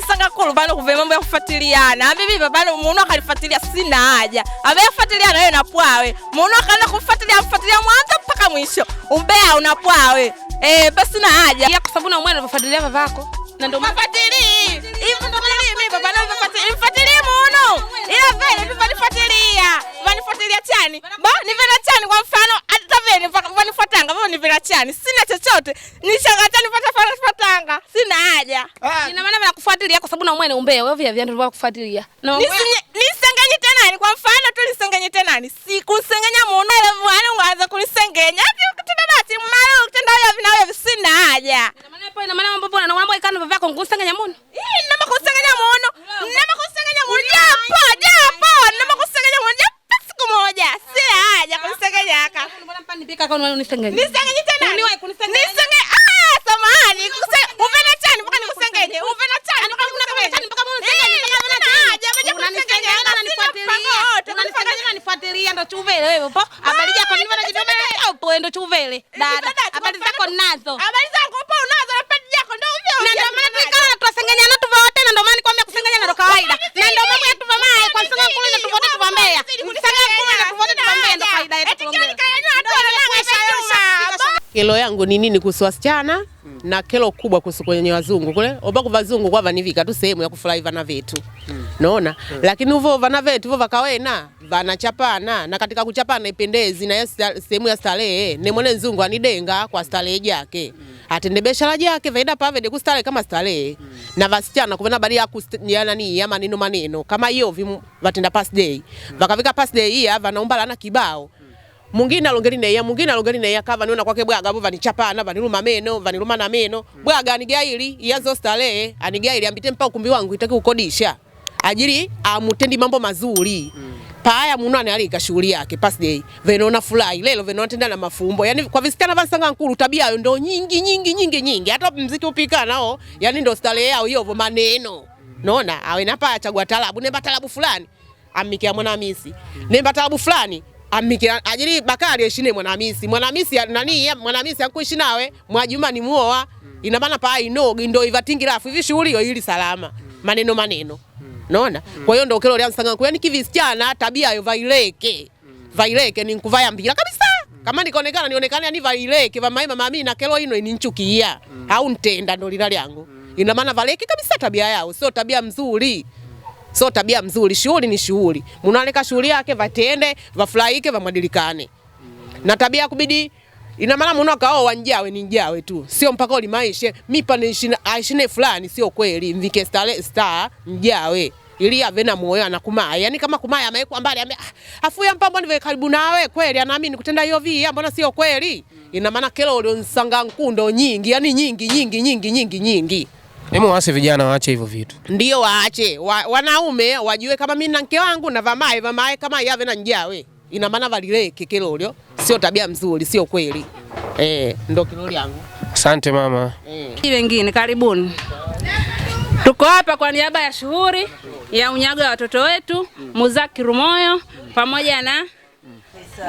nasanga ko Luvano kuve mambo ya kufuatiliana. Mimi babano muno akalifuatilia sina haja. Ambaye kufuatiliana yeye napwawe. muno akaenda kufuatilia kufuatilia mwanzo mpaka mwisho. Umbea unapwawe. Eh, basi na haja. Ya kwa sababu na mwana unafuatilia babako. Na ndio mafuatili. Hivi ndio mimi babano unafuatilia. Mfuatilie muno Ila vile mimi vanifuatilia. Vanifuatilia chani. Ba ni vile chani kwa mfano hata vile vanifuatanga, vile ni vile chani. Sina chochote nishatanipata falsafa Tanga, sina haja. Ah. Ina maana nakufuatilia kwa sababu na mwana umbea wewe, vya vyandu vya kufuatilia nisengenye tena. Kwa mfano tu nisengenye tena, sikusengenya muonele mwana yaani uanze kunisengenya yaani ukitenda dati mara kitenda vina vinavyo sina haja. Ina maana hapo, ina maana mambo bora na mambo ikana kusengenya muno, hii kusengenya kusengenya japo japo kusengenya siku moja sina haja kunisengenya aka ndo chuvele wewe po. Habari yako, nilivyo ndo chuvele dada. Habari zako nazo? Habari kelo yangu ni nini kuhusu wasichana mm. na kelo kubwa kuhusu kwenye wazungu kule obaku vazungu kwa vani vika tu sehemu ya kufurahi vana vetu mm. naona mm. lakini uvo vana vetu vo vakawena vanachapana na katika kuchapana ipendezi na sehemu ya starehe nemwene nzungu anidenga kwa starehe jake mm. atende biashara jake vaida pavede kustarehe kama starehe mm. na vasichana kuvena bali ya nani ya maneno maneno kama hiyo vatenda pass day mm. vakavika pass day iya vanaomba lana kibao mm mungina alongeli neya mungina alongeli neya kava niona kwake bwaga vo vanichapana vaniluma meno na meno mm. bwaga anigaili yazo starehe anigaili ambite mpa ukumbi wangu itaki kukodisha ajili amutendi mambo mazuri mm. Paya muno analika shughuli yake past day venona fulai lelo venona tenda na mafumbo yani kwa visitana vasanga nkuru tabia yo ndo nyingi nyingi nyingi nyingi hata mziki upika nao yani ndo starehe yao hiyo vo maneno naona awe napa paya talabu nemba talabu fulani amikia mwana misi mm. nemba talabu fulani amikira ajili bakari eshine mwanamisi mwanamisi nani mwanamisi akuishi nawe mwajuma ni muoa mm. ina maana pa ino ndo ivatingira afu hivi shughuli yo ili salama mm. maneno maneno mm. naona mm. kwa hiyo ndo kero lianza sanga yani kivisichana tabia yo vaileke mm. vaileke ni nkuvaya mbira kabisa mm. kama nikaonekana nionekane yani vaileke va mama mami na kero ino ininchukia mm. au ntenda ndo lila lyangu mm. ina maana valeke kabisa tabia yao sio tabia mzuri sio tabia mzuri. Shughuli ni shughuli, munaleka shughuli yake vatende vafurahike vamwadilikane na tabia kubidi ina maana wa njawe ni njawe tu, sio mpaka ulimaishe mipa aishine ah, fulani, sio kweli. Mvike star star njawe ili ave na moyo anakumaya, yani kama kumaya amewekwa mbali ame, ah, afu ya mpambo ndivyo karibu nawe kweli, anaamini kutenda hiyo via, mbona sio kweli? Ina maana kero ulionsanga nkundo nyingi, yani nyingi nyingi nyingi nyingi nyingi Hebu waache vijana waache hivyo vitu. Ndio waache. Wa, wanaume wajue kama mimi na mke wangu na vamae vamae kama yave na njawe. Ina maana valileke kilolyo. Sio tabia mzuri, sio kweli. Eh, ndo kiloli yangu. Asante mama. Eh. Wengine karibuni. Tuko hapa kwa niaba ya shughuli ya unyago wa watoto wetu Muzaki Rumoyo pamoja na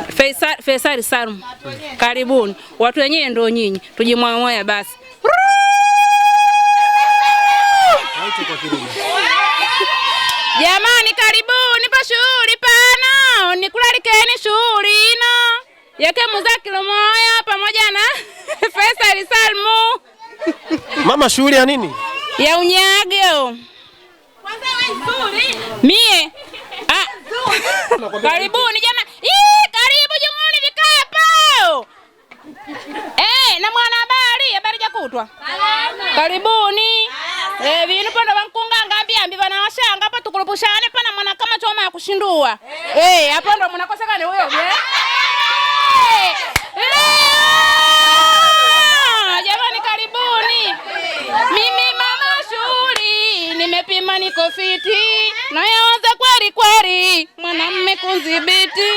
Faisal Faisal Salum. Karibuni. Watu wenyewe ndio nyinyi. Tujimwamoya basi. Jamani, karibuni pa shughuli pana, nikulalikeni shughuli ino muzaki lomoya pamoja na Faisal Salmu. Mama, shughuli ya nini? Ya unyago. Mie ah. Karibuni jamani. Ii, karibu jumuni vikapo eh, na mwanahabari, habari jakutwa, karibuni. Eh, vinu pano vankunga ngambi ambi vana washanga pa tukulupushane pana mwana kama choma ya kushindua. Eh, hapo ndo mnakosekana huyo. Eh. Jamani karibuni. Mimi mama shuri nimepima niko fiti. Na yaanza kweli kweli mwanamme kunzibiti.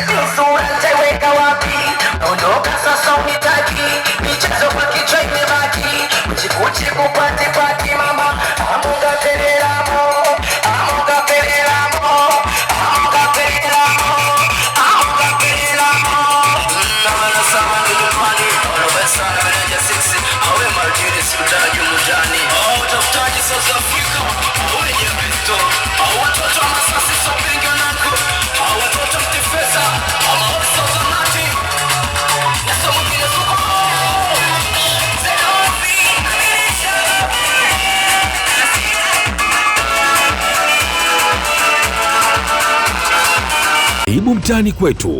usiwateweka wapi, ondoka sasa, unitaki michezo kwa kichwa imebaki mchikuchi kupate mtaani kwetu.